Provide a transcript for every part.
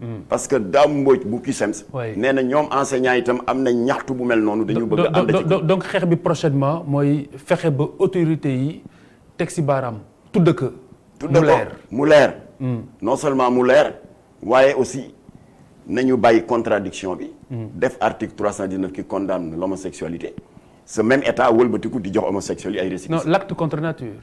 Hmm. parce que Dame bu ki waay nee ñom enseignants itam amna ñaxtu bu mel nonu dañu bëgg and ci donc xex bi prochainement moy fexé ba autorité yi teg si Tout de ko hmm. non seulement mu mais waye aussi nañu bàyyi contradiction bi. Hmm. def article 319 qui condamne l'homosexualité ce même état a di jox homosexuels ay récidivistes. non l'acte contre nature.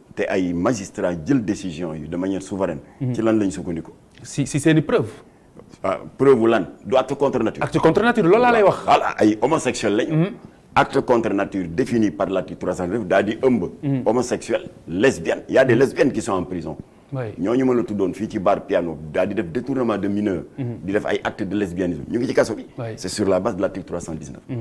te ay magistrat jël décision de manière souveraine. Mhm. ci lan lañ sukkandiku. si si c'est une preuve. ah preuve lan acte contre nature. acte contre nature loolu laa lay wax. ay homosexuels lañ. Mhm. acte contre nature défini par l'article 309 daa di ëmb. Mhm. homosexuel lesbienne y a des lesbiennes qui sont en prison. ñooñu ma la tuddoon fii ci bar piano daal di def détournement de mineurs di def ay actes de lesbianisme ñu ngi ci c'est sur la base de l'article 319.